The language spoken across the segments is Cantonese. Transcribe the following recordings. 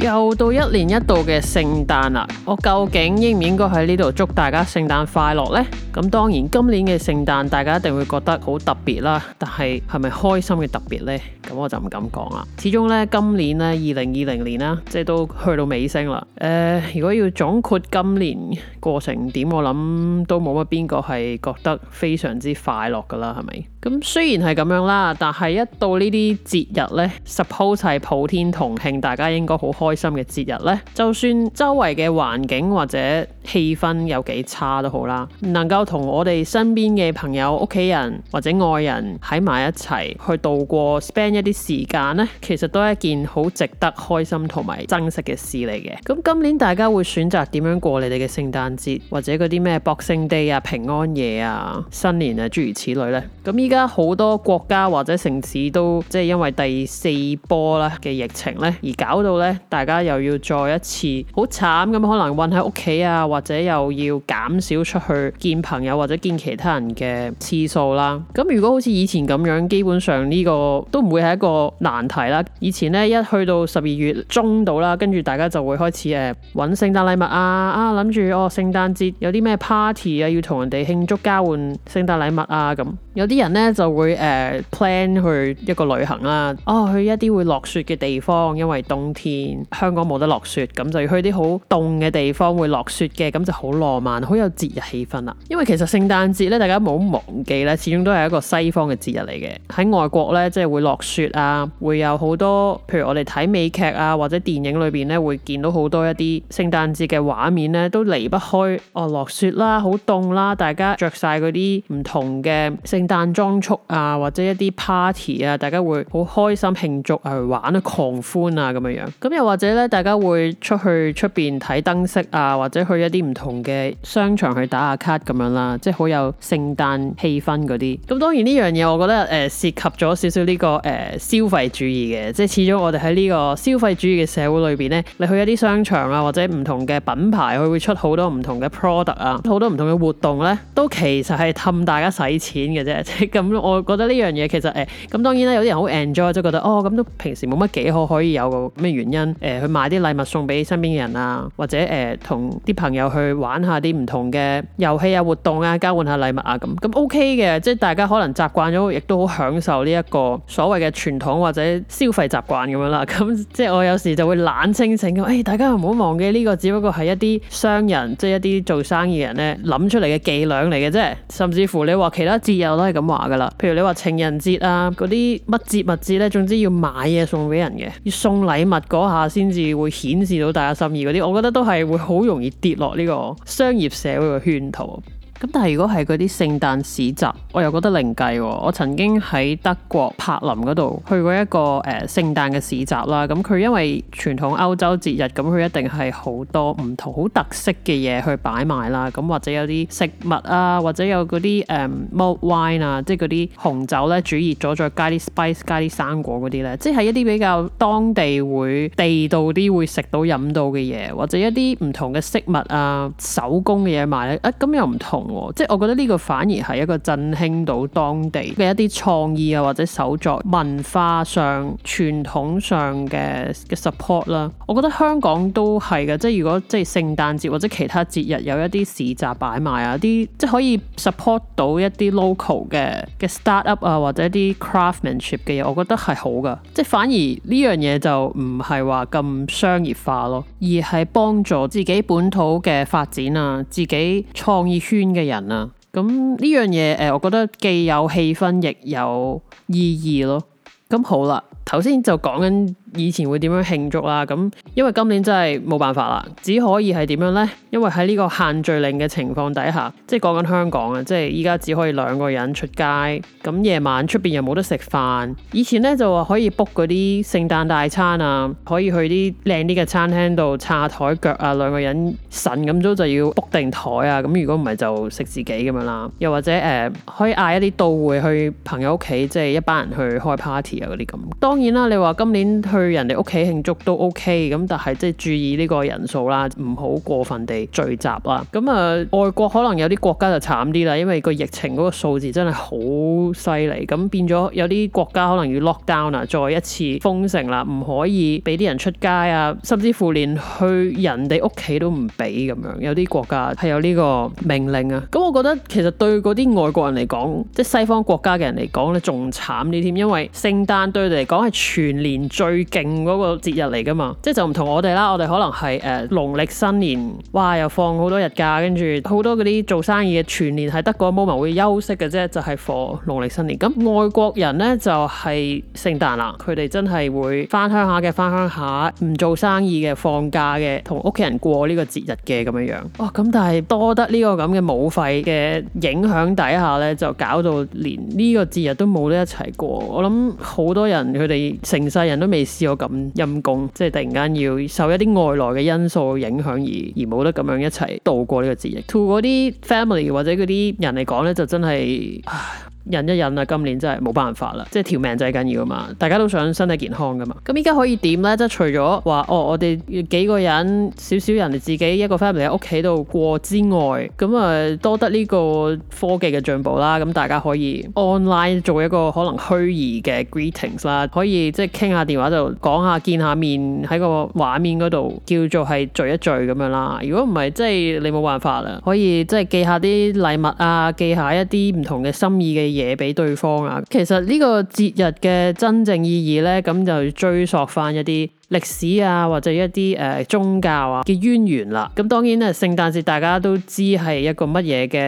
又到一年一度嘅聖誕啦，我究竟應唔應該喺呢度祝大家聖誕快樂呢？咁當然今年嘅聖誕，大家一定會覺得好特別啦。但係係咪開心嘅特別呢？咁我就唔敢講啦。始終呢，今年呢，二零二零年啦，即係都去到尾聲啦。誒、呃，如果要總括今年過程點，我諗都冇乜邊個係覺得非常之快樂噶啦，係咪？咁雖然係咁樣啦，但係一到呢啲節日呢 suppose 係普天同慶，大家應該好開心。開心嘅節日呢，就算周圍嘅環境或者，氣氛有幾差都好啦，能夠同我哋身邊嘅朋友、屋企人或者愛人喺埋一齊去度過，spend 一啲時間呢，其實都係一件好值得開心同埋珍惜嘅事嚟嘅。咁今年大家會選擇點樣過你哋嘅聖誕節，或者嗰啲咩 Boxing Day 啊、平安夜啊、新年啊諸如此類呢？咁依家好多國家或者城市都即係因為第四波啦嘅疫情呢，而搞到呢，大家又要再一次好慘咁，慘可能困喺屋企啊或者又要減少出去見朋友或者見其他人嘅次數啦。咁如果好似以前咁樣，基本上呢個都唔會係一個難題啦。以前呢，一去到十二月中度啦，跟住大家就會開始誒，揾聖誕禮物啊，啊諗住哦聖誕節有啲咩 party 啊，要同人哋慶祝，交換聖誕禮物啊咁。有啲人咧就會誒、uh, plan 去一個旅行啦，哦去一啲會落雪嘅地方，因為冬天香港冇得落雪，咁就要去啲好凍嘅地方會落雪嘅，咁就好浪漫，好有節日氣氛啦。因為其實聖誕節咧，大家唔好忘記咧，始終都係一個西方嘅節日嚟嘅。喺外國咧，即係會落雪啊，會有好多譬如我哋睇美劇啊或者電影裏邊咧，會見到好多一啲聖誕節嘅畫面咧，都離不開哦落雪啦，好凍啦，大家着晒嗰啲唔同嘅聖聖誕裝束啊，或者一啲 party 啊，大家會好開心慶祝、啊、去玩啊，狂歡啊咁樣樣。咁又或者咧，大家會出去出邊睇燈飾啊，或者去一啲唔同嘅商場去打下卡 a 咁樣啦，即係好有聖誕氣氛嗰啲。咁當然呢樣嘢，我覺得誒、呃、涉及咗少少呢、呢個誒、呃、消費主義嘅，即係始終我哋喺呢個消費主義嘅社會裏邊呢。你去一啲商場啊，或者唔同嘅品牌，佢會出好多唔同嘅 product 啊，好多唔同嘅活動呢，都其實係氹大家使錢嘅啫。即咁咯， 我覺得呢樣嘢其實誒咁、欸、當然啦，有啲人好 enjoy，即覺得哦咁都平時冇乜幾好，可以有個咩原因誒、欸、去買啲禮物送俾身邊嘅人啊，或者誒同啲朋友去玩一下啲唔同嘅遊戲啊、活動啊、交換下禮物啊咁，咁 OK 嘅，即大家可能習慣咗，亦都好享受呢一個所謂嘅傳統或者消費習慣咁樣啦。咁即我有時就會懶清醒咁誒，大家唔好忘記呢、呢個只不過係一啲商人 即一啲做生意人咧諗出嚟嘅伎倆嚟嘅啫，甚至乎你話其他節日啦。係咁話噶啦，譬如你話情人節啊，嗰啲乜節物節咧，總之要買嘢送俾人嘅，要送禮物嗰下先至會顯示到大家心意嗰啲，我覺得都係會好容易跌落呢個商業社會嘅圈套。咁但係如果係嗰啲聖誕市集，我又覺得另計喎。我曾經喺德國柏林嗰度去過一個誒、呃、聖誕嘅市集啦。咁、嗯、佢因為傳統歐洲節日，咁佢一定係好多唔同好特色嘅嘢去擺賣啦。咁、嗯、或者有啲食物啊，或者有嗰啲誒 mulled wine 啊，即係嗰啲紅酒咧煮熱咗再加啲 spice、加啲生果嗰啲咧，即係一啲比較當地會地道啲會食到飲到嘅嘢，或者一啲唔同嘅飾物啊、手工嘅嘢賣咧。啊，咁、啊、又唔同。即係我覺得呢個反而係一個振興到當地嘅一啲創意啊，或者手作文化上，傳統上嘅嘅 support 啦。我覺得香港都係嘅，即係如果即係聖誕節或者其他節日有一啲市集擺賣啊，啲即係可以 support 到一啲 local 嘅嘅 startup 啊，或者一啲 craftsmanship 嘅嘢，我覺得係好噶。即係反而呢樣嘢就唔係話咁商業化咯，而係幫助自己本土嘅發展啊，自己創意圈。嘅人啊，咁呢樣嘢誒、呃，我覺得既有氣氛，亦有意義咯。咁、嗯、好啦，頭先就講緊。以前會點樣慶祝啦、啊？咁因為今年真係冇辦法啦，只可以係點樣呢？因為喺呢個限聚令嘅情況底下，即係講緊香港啊，即係依家只可以兩個人出街。咁夜晚出邊又冇得食飯。以前呢就話可以 book 嗰啲聖誕大餐啊，可以去啲靚啲嘅餐廳度撐下台腳啊，兩個人神咁早就要 book 定台啊。咁如果唔係就食自己咁樣啦。又或者誒、呃，可以嗌一啲到會去朋友屋企，即係一班人去開 party 啊嗰啲咁。當然啦，你話今年。去人哋屋企慶祝都 OK 咁，但係即係注意呢個人數啦，唔好過分地聚集啦。咁啊、呃，外國可能有啲國家就慘啲啦，因為個疫情嗰個數字真係好犀利。咁變咗有啲國家可能要 lockdown 啊，再一次封城啦，唔可以俾啲人出街啊，甚至乎連去人哋屋企都唔俾咁樣。有啲國家係有呢個命令啊。咁我覺得其實對嗰啲外國人嚟講，即係西方國家嘅人嚟講咧，仲慘啲添，因為聖誕對佢哋嚟講係全年最勁嗰個節日嚟㗎嘛，即係就唔同我哋啦，我哋可能係誒、呃、農曆新年，哇又放好多日假，跟住好多嗰啲做生意嘅全年係得嗰 moment 會休息嘅啫，就係、是、放農曆新年。咁外國人呢，就係、是、聖誕啦，佢哋真係會返鄉下嘅，返鄉下唔做生意嘅放假嘅，同屋企人過呢個節日嘅咁樣樣。哇、哦，咁但係多得呢個咁嘅武肺嘅影響底下呢，就搞到連呢個節日都冇得一齊過。我諗好多人佢哋成世人都未知我咁陰功，即係突然間要受一啲外來嘅因素影響，而而冇得咁樣一齊度過呢個節日。對嗰啲 family 或者嗰啲人嚟講呢，就真係。 忍一忍啊！今年真係冇辦法啦，即係條命最緊要啊嘛，大家都想身體健康噶嘛。咁依家可以點咧？即係除咗話哦，我哋要幾個人少少人哋自己一個 family 喺屋企度過之外，咁啊多得呢個科技嘅進步啦，咁大家可以 online 做一個可能虛擬嘅 greetings 啦，可以即係傾下電話就講下見下面喺個畫面嗰度叫做係聚一聚咁樣啦。如果唔係即係你冇辦法啦。可以即係寄下啲禮物啊，寄下一啲唔同嘅心意嘅。嘢俾對方啊！其實呢個節日嘅真正意義咧，咁就追溯翻一啲歷史啊，或者一啲誒、呃、宗教啊嘅淵源啦。咁當然咧，聖誕節大家都知係一個乜嘢嘅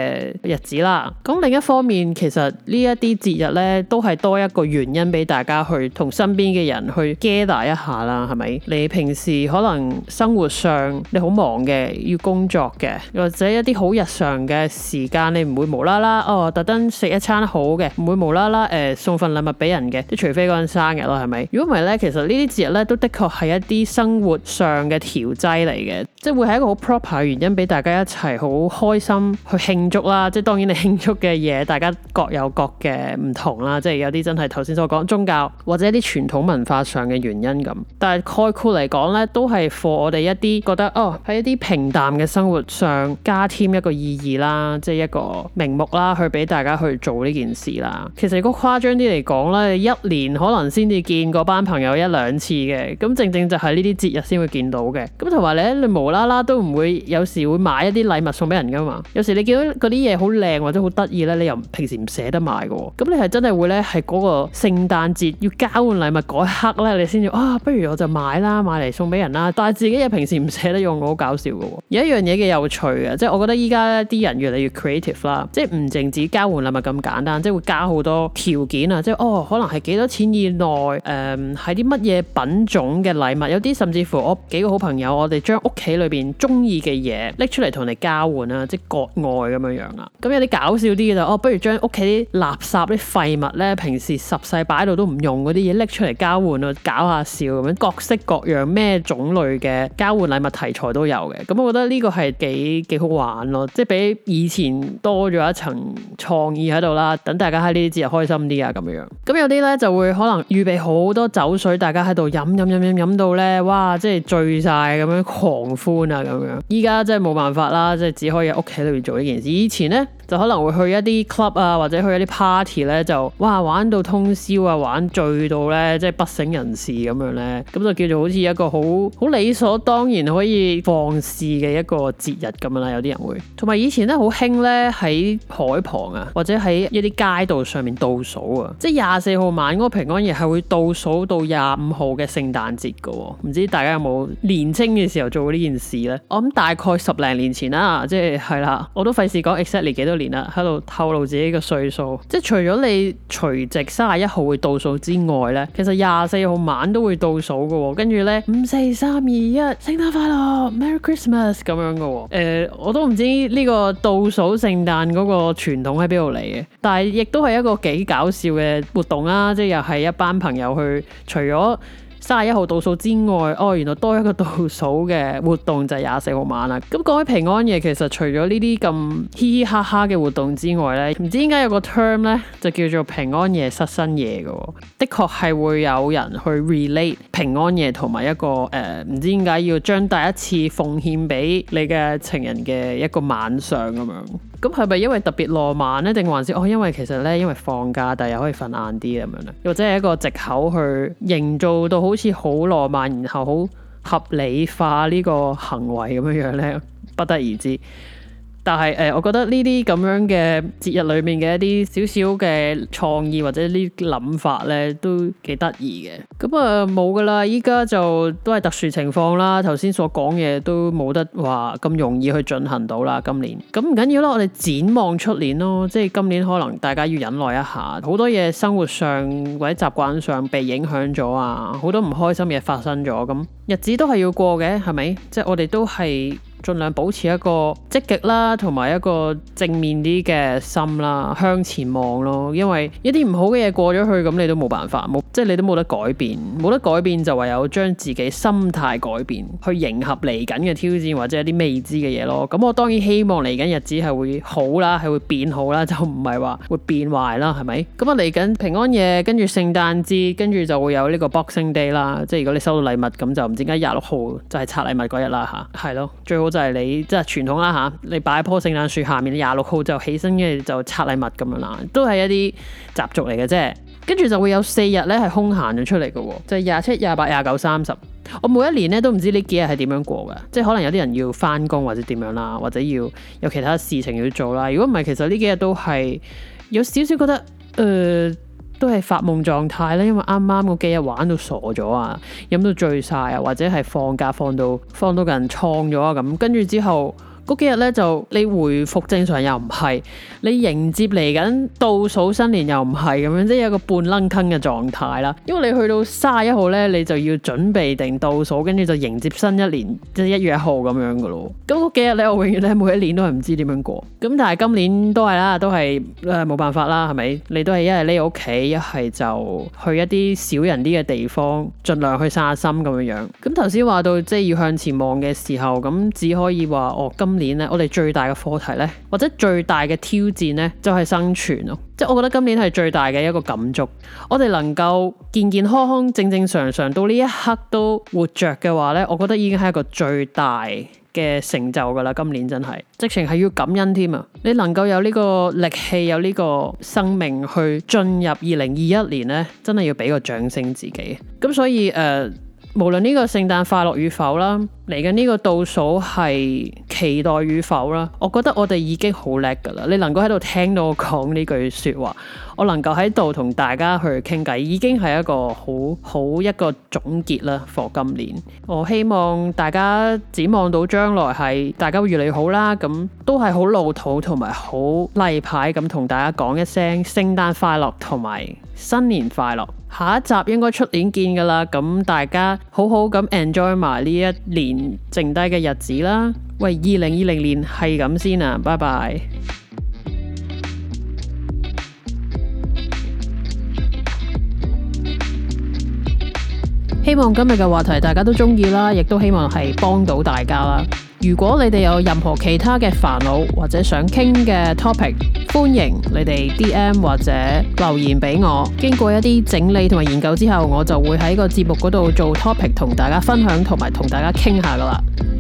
日子啦。咁另一方面，其實呢一啲節日咧，都係多一個原因俾大家去同身邊嘅人去 gather 一下啦，係咪？你平時可能生活上你好忙嘅，要工作嘅，或者一啲好日常嘅時間，你唔會無啦啦哦，特登食一餐好嘅，唔會無啦啦誒送份禮物俾人嘅，即除非嗰陣生日咯，係咪？如果唔係咧，其實呢啲節日咧都的確，係一啲生活上嘅調劑嚟嘅，即係會係一個好 proper 原因，俾大家一齊好開心去慶祝啦。即係當然，你慶祝嘅嘢，大家各有各嘅唔同啦。即係有啲真係頭先所講宗教或者一啲傳統文化上嘅原因咁。但係概括嚟講呢，都係 for 我哋一啲覺得哦，喺一啲平淡嘅生活上加添一個意義啦，即係一個名目啦，去俾大家去做呢件事啦。其實如果誇張啲嚟講呢，一年可能先至見嗰班朋友一兩次嘅咁。正正就係呢啲節日先會見到嘅。咁同埋咧，你無啦啦都唔會有時會買一啲禮物送俾人噶嘛。有時你見到嗰啲嘢好靚或者好得意咧，你又平時唔捨得買嘅，咁你係真係會咧，係嗰個聖誕節要交換禮物嗰一刻咧，你先至啊，不如我就買啦，買嚟送俾人啦。但係自己又平時唔捨得用，好搞笑嘅。有一樣嘢幾有趣嘅，即係我覺得依家啲人越嚟越 creative 啦，即係唔淨止交換禮物咁簡單，即係會加好多條件啊，即係哦，可能係幾多錢以內，誒、嗯，係啲乜嘢品種嘅禮物，有啲甚至乎我幾個好朋友，我哋將屋企裏邊中意嘅嘢拎出嚟同你交換啊，即係國外咁樣樣啊。咁有啲搞笑啲嘅就，哦，不如將屋企啲垃圾、啲廢物咧，平時十世擺度都唔用嗰啲嘢拎出嚟交換啊，搞下笑咁樣，各式各樣咩種類嘅交換禮物題材都有嘅。咁我覺得呢個係幾幾好玩咯，即係比以前多咗一層創意喺度啦。等大家喺呢啲節日開心啲啊，咁樣樣。咁有啲咧就會可能預備好多酒水，大家喺度飲飲飲飲。飲到呢，哇！即係醉晒，咁樣狂歡啊，咁樣。而家真係冇辦法啦，即係只可以喺屋企裏面做呢件事。以前呢。就可能會去一啲 club 啊，或者去一啲 party 呢，就哇玩到通宵啊，玩醉到呢，即係不省人事咁樣呢。咁就叫做好似一個好好理所當然可以放肆嘅一個節日咁樣啦。有啲人會，同埋以前呢，好興呢喺海旁啊，或者喺一啲街道上面倒數啊，即係廿四號晚嗰個平安夜係會倒數到廿五號嘅聖誕節㗎喎，唔知大家有冇年青嘅時候做過呢件事呢？我諗大概十零年前啦，即係係啦，我都費事講 exactly 幾多。年啦，喺度透露自己嘅歲數，即係除咗你除夕三十一號會倒數之外呢，其實廿四號晚都會倒數嘅，跟住呢，五四三二一，聖誕快樂，Merry Christmas 咁樣嘅，誒、呃，我都唔知呢個倒數聖誕嗰個傳統喺邊度嚟嘅，但係亦都係一個幾搞笑嘅活動啦，即係又係一班朋友去除咗。三十一號倒數之外，哦，原來多一個倒數嘅活動就係廿四號晚啦。咁講起平安夜，其實除咗呢啲咁嘻嘻哈哈嘅活動之外呢，唔知點解有個 term 呢，就叫做平安夜失身夜嘅。的確係會有人去 relate 平安夜同埋一個誒，呃，唔知點解要將第一次奉獻俾你嘅情人嘅一個晚上咁樣。咁係咪因為特別浪漫呢？定還是哦？因為其實呢，因為放假，但係又可以瞓晏啲咁樣呢，又或者係一個藉口去營造到好似好浪漫，然後好合理化呢個行為咁樣樣呢？不得而知。但係，誒、呃，我覺得呢啲咁樣嘅節日裏面嘅一啲少少嘅創意或者呢啲諗法咧，都幾得意嘅。咁啊，冇噶啦，依家就都係特殊情況啦。頭先所講嘅都冇得話咁容易去進行到啦。今年咁唔緊要啦，我哋展望出年咯。即係今年可能大家要忍耐一下，好多嘢生活上或者習慣上被影響咗啊，好多唔開心嘢發生咗。咁日子都係要過嘅，係咪？即係我哋都係。盡量保持一個積極啦，同埋一個正面啲嘅心啦，向前望咯。因為一啲唔好嘅嘢過咗去，咁你都冇辦法，冇，即係你都冇得改變，冇得改變就唯有將自己心態改變，去迎合嚟緊嘅挑戰或者一啲未知嘅嘢咯。咁我當然希望嚟緊日子係會好啦，係會變好啦，就唔係話會變壞啦，係咪？咁啊嚟緊平安夜，跟住聖誕節，跟住就會有呢個 Boxing Day 啦。即係如果你收到禮物，咁就唔知點解廿六號就係拆禮物嗰日啦吓，係咯，最好。就係你即係傳統啦吓、啊，你擺喺棵聖誕樹下面，廿六號就起身，跟住就拆禮物咁樣啦，都係一啲習俗嚟嘅啫。跟住就會有四日咧係空閒咗出嚟嘅，就係廿七、廿八、廿九、三十。我每一年咧都唔知呢幾日係點樣過嘅，即係可能有啲人要翻工或者點樣啦，或者要有其他事情要做啦。如果唔係，其實呢幾日都係有少少覺得誒。呃都係發夢狀態咧，因為啱啱嗰幾日玩到傻咗啊，飲到醉晒啊，或者係放假放到放到個人創咗啊咁，跟住之後。嗰幾日咧就你回復正常又唔係，你迎接嚟緊倒數新年又唔係咁樣，即係有個半愣坑嘅狀態啦。因為你去到三十一號咧，你就要準備定倒數，跟住就迎接新一年，即係一月一號咁樣噶咯。咁嗰幾日咧，我永遠咧每一年都係唔知點樣過。咁但係今年都係啦，都係誒冇辦法啦，係咪？你都係一係匿屋企，一係就去一啲少人啲嘅地方，儘量去散下心咁樣樣。咁頭先話到即係要向前望嘅時候，咁只可以話我、哦、今。今年咧，我哋最大嘅課題咧，或者最大嘅挑戰咧，就係、是、生存咯。即係我覺得今年係最大嘅一個感觸，我哋能夠健健康康、正正常常到呢一刻都活着嘅話咧，我覺得已經係一個最大嘅成就噶啦。今年真係，直情係要感恩添啊！你能夠有呢個力氣，有呢個生命去進入二零二一年呢，真係要俾個掌聲自己。咁所以誒、呃，無論呢個聖誕快樂與否啦，嚟緊呢個倒數係。期待與否啦，我覺得我哋已經好叻㗎喇。你能夠喺度聽到我講呢句說話，我能夠喺度同大家去傾偈，已經係一個好好一個總結啦。For 今年，我希望大家展望到將來係大家會越嚟越好啦。咁都係好老土同埋好例牌咁，同大家講一聲聖誕快樂同埋新年快樂。下一集應該出年見㗎喇。咁大家好好咁 Enjoy 埋呢一年剩低嘅日子啦。喂，二零二零年係咁先啊，拜拜。希望今日嘅話題大家都中意啦，亦都希望係幫到大家啦。如果你哋有任何其他嘅煩惱或者想傾嘅 topic，歡迎你哋 DM 或者留言俾我。經過一啲整理同埋研究之後，我就會喺個節目嗰度做 topic 同大家分享，同埋同大家傾下噶啦。